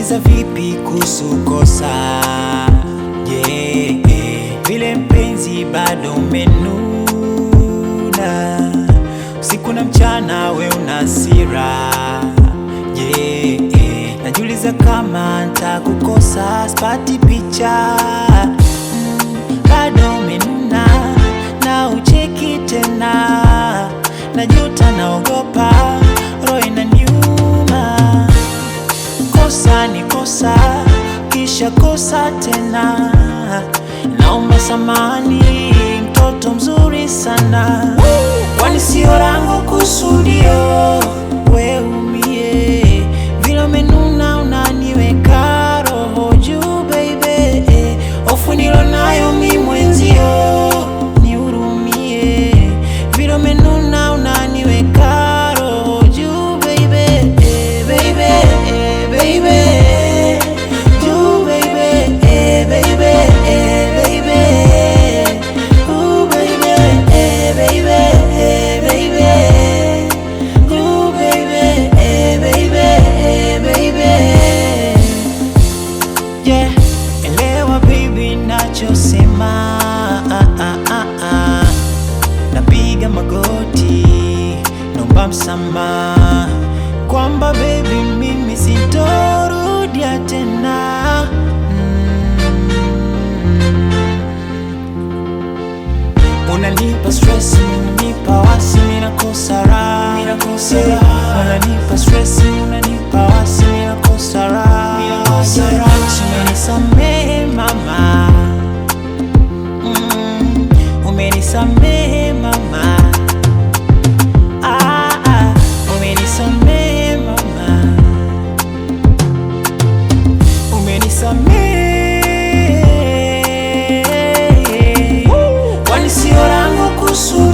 Nitajiuliza vipi kuhusu kosa? Yeah, vile mpenzi bado umenuna, usiku na mchana we una hasira. Yeah, najiuliza kama nitakukosa, sipati picha sana, naomba samani, mtoto mzuri sana, kwani sio rangu kusu Je, yeah, elewa baby nachosema, napiga magoti nomba msamaha kwamba baby mimi sintorudia tena. unisamehe, kwani sio langu kusu